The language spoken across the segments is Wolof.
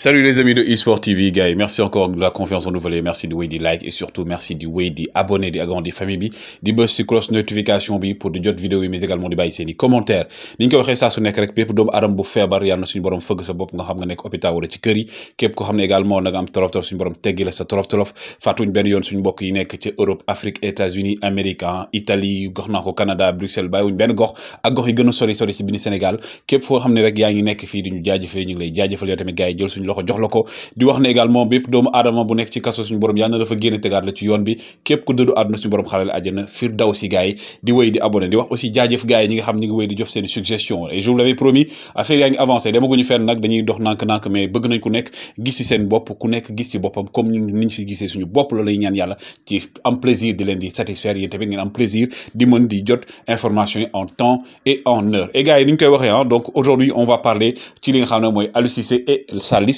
Salut les amis de eSport TV, guys. Merci encore de la confiance en renouvelée. Merci du way di like et surtout merci du way di abonné de agrandir famille bi di bës ci cloche notification bi pour di jot vidéo yi mais également di bàyyi seen i commentaire ni ñu ko waxee saa su nek rek bépp doomu adam bu feebar yalla suñu borom fëgg sa bop nga xam nga nek hôpital wala ci kër yi képp ko xam ne également na nga am torof torof suñu borom teggi la sa torof torof. fàttuñ ben yoon suñu mbokk yi nek ci Europe Afrique États-Unis Amérique ah, Italie gox nako Canada Bruxelles bàyyiwuñ ben gox ak gox yi gëna sori sori ci bini Sénégal képp fo xam rek yaangi nek fi fii di ñu jaajëfee ñu ngi lay jaajëfal yow tamit gaay jël suñu loxo jox la di wax ne également bépp doomu aadama bu nekk ci kasso suñu borom yàlla na dafa génn tégaat la ci yoon bi képp ku dëddu aduna suñu borom xalal àjjana fir daw di wëy di abonné di wax aussi jaajëf gars yi nga xam ñi ngi wëy di jox seen suggestion et je vous l'avais promis affaire yaa ngi avancé demaguñu fenn nak dañuy dox nank nank mais bëgg nañ ku nekk gis ci seen bopp ku nekk gis ci boppam comme ñu ñu ci gisee suñu bopp loolu lay ñaan yalla ci am plaisir di leen di satisfaire yéen tamit ngeen am plaisir di mën di jot information en temps et en heure et gars yi ni ngi koy waxé ah donc aujourd'hui on va parler ci li nga xam moy mooy et sa liste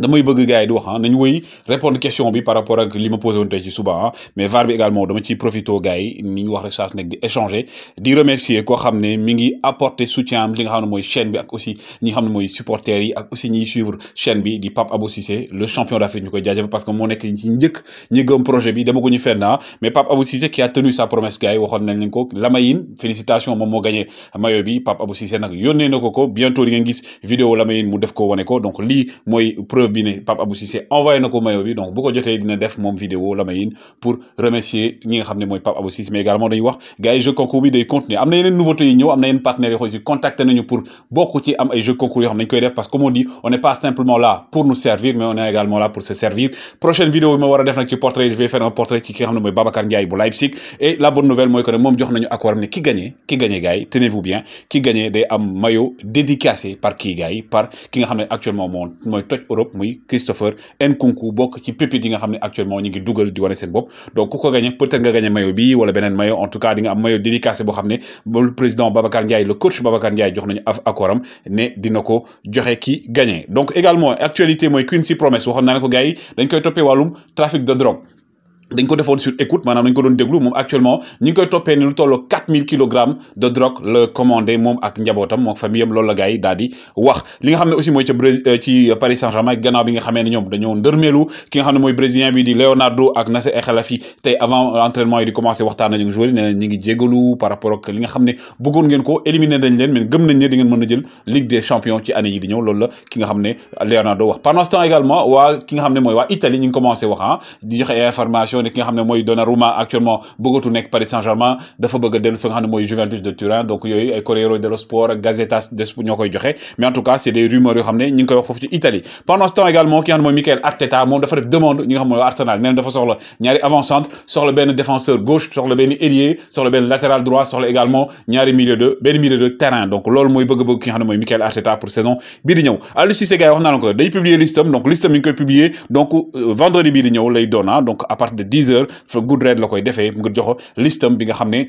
damay bëgg gaay di wax ha ah, nañu woy répondre question bi par rapport ak li ma posé won tey ci suba ah. mais VAR bi également dama ci profité gaay ni ñu wax rek chance di échanger di remercier ko xamné mi ngi apporter soutien am li nga xamné moy chaîne bi ak aussi ñi xamné moy supporter yi ak aussi ñi suivre chaîne bi di Pape Abou Cissé le champion d'Afrique ñukoy koy parce que mo nek ci njëkk ñi gëm projet bi dama ko ñu fenn ah. mais Pape Abou Cissé qui a tenu sa promesse gaay waxon waxoon nañ leen ko Lamayine félicitations moom mo gagné mayo bi Pape Abou Cissé nak yónnee na ko ko bientôt di ngeen gis vidéo Lamayine mu def ko wane ko donc li moy preuve bi ne Pape Abou Cissé envoyé nako maillot bi donc bu ko jotté dina def mom vidéo la pour remercier ñi nga xamné moy mooy Abou Cissé mais également dañuy wax gars yi jeu concours bi day continuer amna yeneen nouveautés yi ñew amna na yeneen partenaires yoo xam contacter nañu pour bokku ci am ay jeux concours yi xam koy def parce que comme on dit on n'est pas simplement là pour nous servir mais on est également là pour se servir prochaine vidéo bi ma war def nak ci portrait je vais faire un portrait ci ki nga xam ne Babacar Ndiaye bu Leipzig et la bonne nouvelle moy que ne moom jox nañu accord am ne ki gagné ki gagné gars yi tenez-vous bien ki gagné day am maillot dédicacé par ki gars yi par ki nga xamné actuellement mon moy toj Europe Europe muy Christopher Nkunku bok ci pépite yi nga xamné actuellement ñu ngi duggal di wone seen bop donc ku ko gagné peut-être nga gagné maillot bi wala beneen maillot en tout cas di nga am maillot dédicacé boo xam ne le président Babacar Ndiaye le coach Babacar Ndiaye jox nañu af né dina ko joxé ki gagné donc également actualité moy Quincy Promes waxon naa ko gars dañ koy topé walum trafic de drogue dañ ko defoon sur écoute maanaam dañ ko doon déglu moom actuellement ñi ngi koy toppee ni lu tolloo 4000 kg de drogue le commandé moom ak njabootam moom famille am loolu la gars yi daal di wax li nga xam ne aussi mooy ca Brésil euh, ci Paris Saint-Germain gannaaw bi nga xamee ne ñoom dañoo ndërmeelu ki nga xam ne mooy brésilien bi di Leonardo ak Nasser El Khelaïfi tey avant entraînement yi di commencé waxtaan nañu ak joueurs yi nee ñi ngi jégalu par rapport ak li nga xam ne bëggoon ngeen ko éliminer dañ leen mais gëm nañ ne di ngeen mën a jël Ligue des champions ci année yi di ñëw loolu la ki nga xam ne Leonardo wax pendant ce temps également waa ki nga xam ne mooy waa Italie ñi ngi commencé wax ah di joxe information nekk nga xam ne Donnarumma actuellement bëggatu nekk Paris Saint-Germain dafa bëgg a fi nga xam Juventus de Turin donc yooyu ay Corriere dello Sport Gazzetta ñoo koy joxe mais en tout cas c'est des rumeurs yoo xam ne ñu koy wax foofu ci Italie pendant ce temps également ki nga xam Mikel Arteta moom dafa def demande ñi nga xam ne mooy Arsenal nee na dafa soxla ñaari avant-centre soxla ben défenseur gauche soxla ben ailier soxla ben latéral droit soxla également ñaari milieu de ben milieu de terrain donc loolu mooy bëgg-bëgg ki nga xam Mikel Arteta pour saison bii di si c'est Cissé gars yi wax naa la ko day publier listam donc listam mi koy publier donc euh, vendredi bii di ñëw lay ah, donc à partir de 10 heures good Goodreads la koy a mu ngi joxo listam bi nga xamné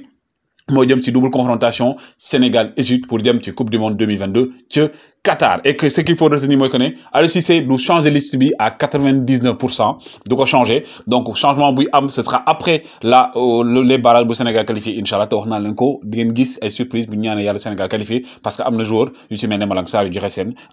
mo jëm ci double confrontation Sénégal Égypte pour jëm ci coupe du monde 2022 ci Qatar et que ce qu'il faut retenir moi, que ne Aliou Cissé du changer liste bi à 99%, vingt dix du ko changer donc changement oui, am ce sera après la euh, les barrages du Sénégal qualifié Inch'Allah, allah te wax naa ko di ngeen surprise bu ñu ñaanee Sénégal qualifié parce que am na joueur yu ci mel ne Malang Sarr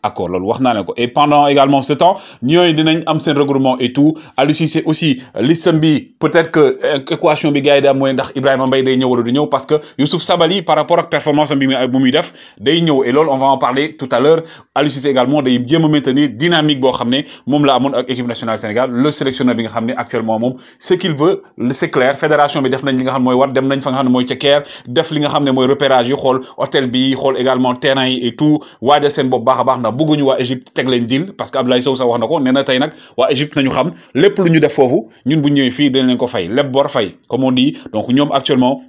accord loolu wax naa leen ko et pendant également ce temps ñooy dinañ am seen regroupement et tout Aliou c'est aussi liste bi peut-être que euh, équation bi gars yi daa mooy ndax Ibrahima Mbaye day ñëw wala ñëw parce que Youssouf Sabaly par rapport ak performance am bi mu def day ñëw et loolu on va en parler tout à l'heure joueur Aliou Cissé également de bien maintenir dynamique bo xamné mom la amone ak équipe nationale Sénégal le sélectionneur bi nga xamné actuellement mom ce qu'il veut c'est clair fédération bi def nañ li nga xamné moy war dem nañ fa nga xamné moy mooy Caire def li nga xamné moy repérage yi xol hôtel bi xol également terrain yi et tout waaja sen bopp baxa bax na ndax bëgguñu wa Égypte teg leen deal parce que Abdoulaye Sow sax wax nako néna tay nak wa Égypte nañu xam lépp lu ñu def fofu ñun bu ñëw fi dañ leen ko fay lépp bor fay comme on dit donc ñom actuellement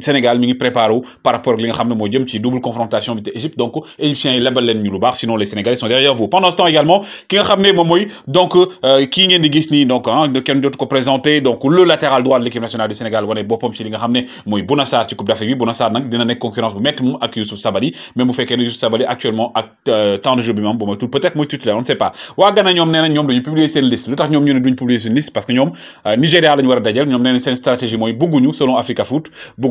Sénégal mi ngi préparé par rapport à li nga xam mo jëm ci double confrontation bi te Égypte donc égyptien yi lebal leen ñu lu baax sinon les Sénégalais sont derrière vous pendant ce temps également ki nga xam ne moy donc euh, ki ngeen di gis ni donc ah ken jot ko présenter donc le latéral droit de l'équipe nationale du Sénégal woné bopom ci li nga xam moy mooy Bouna Sarr ci Coupe d'Afrique bi Bouna Sarr nag dina nekk concurrence bu métti moom ak Youssouf Sabaly même bu fekkee Youssouf Sabaly actuellement ak euh, temps de jeu bi moom bu ma tout peut-être mooy titulaire on ne sait pas wa Ghana ñom néna ñom dañu publier seen liste lutax ñom ñu ne duñ publier seen liste parce que ñom euh, Nigeria lañu wara war a dajal ñoom nee nañ seen stratégie mooy bugguñu selon Africa Foot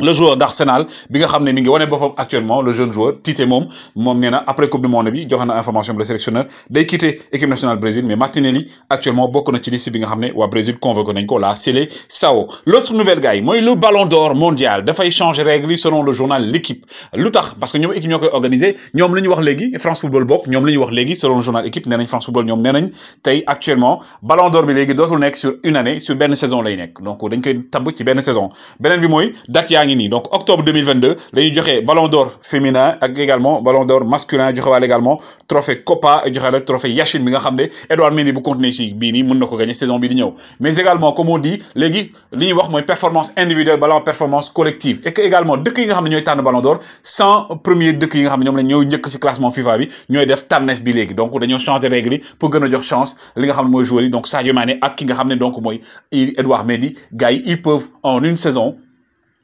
le joueur d'Arsenal bi nga xamné mi ngi woné boppam actuellement le jeune joueur Tite Mom, Mom néna après coupe du monde bi joxana information bi le sélectionneur day quitter équipe nationale Brésil mais Martinelli actuellement bokk na ci liste bi nga xamné wa Brésil convoqué nañ ko la Sao. l'autre nouvelle gars moy le ballon d'or mondial fay changer règle selon le journal l'équipe lutax parce que ñom équipe ñoo organiser, ñom ñoom wax légui France Football bok ñom la wax légui selon le journal équipe nénañ France Football ñom nénañ tay actuellement ballon d'or bi légui dootul nekk sur une année sur ben saison lay nekk donc dañ koy tab ci ben saison benen bi moy date donc octobre 2022 lañu joxé ballon d'or féminin ak également ballon d'or masculin joxé waale également trophée Copa joxé le trophée Yashin. bi nga xamné Edouard Mendy bu continuer ci bi ni mën nako gagner saison bi di mais également comme on dit légui li wax moy performance individuelle ballon performance collective et que également dëkk yi nga xamné ñoy ballon d'or sans premier dëkk yi nga xamné ñom la ñooy classement FIFA bi ñoy def tanef bi légui donc dañu changer règle yi pour gëna jox chance li nga xamné moy donc Sadio Mané ak ki nga xamné donc moy Edouard Mendy gars yi ils peuvent en une saison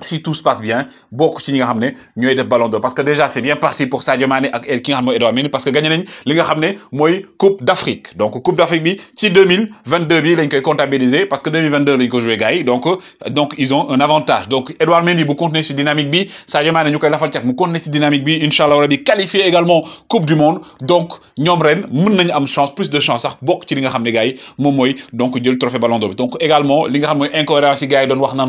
si tout se passe bien beaucoup ci à nga xam ne ballon d'or parce que déjà c'est bien parti pour Sadio Mané et ki nga Edouard Mendy parce que gagné les li nga la coupe d'Afrique donc coupe d'Afrique bi 2022 ils lañ comptabilisé parce que 2022 ils ko joué Gaï. donc donc ils ont un avantage donc Edouard Mendy bu continuer ci dynamique bi Sadio Mané ñu koy lafal cat mu ci dynamique bi incha allah rabi qualifié également coupe du monde donc nous ren une chance plus de chance sax bokk ci li nga xam ne le donc trophée ballon d'or donc également li nga une incohérence yi gars une doon wax na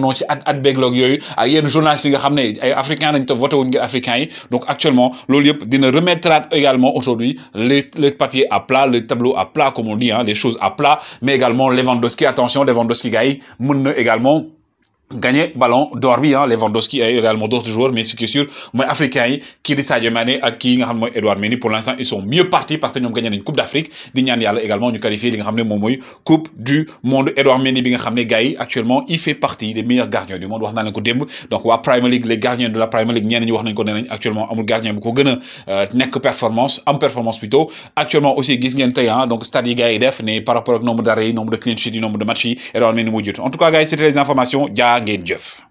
il y a yi nga qui ne ay africains lañ te ngir africains yi donc actuellement loolu yëpp dina remettre également aujourd'hui les papiers à plat les tableaux à plat comme on dit hein les choses à plat mais également Lewandowski attention Lewandowski gars yi également gagner ballon d'or bi hein. Lewandowski et également d'autres joueurs mais ce qui est sûr moi africains qui kii di Sadio Mané ak qui nga xam mooy Edouard Mendy pour l'instant ils sont mieux partis parce que ont gagné une Coupe d'Afrique di ñaan Yalla également ñu qualifié li nga xam Coupe du monde Edouard Mendy bi nga xam actuellement il fait partie des meilleurs gardiens du monde wax ko demb donc wa Premier League les gardiens de la Premier League ñenn wax nañ ko actuellement amul gardien bu ko gëna euh, nek performance am performance plutôt actuellement aussi gis ngeen tay hein donc stade yi gars def par rapport au nombre d'arrêts nombre de clean sheets nombre de matchs yi Edouard Mendy mo en tout cas c'était les informations angehen, Jeff.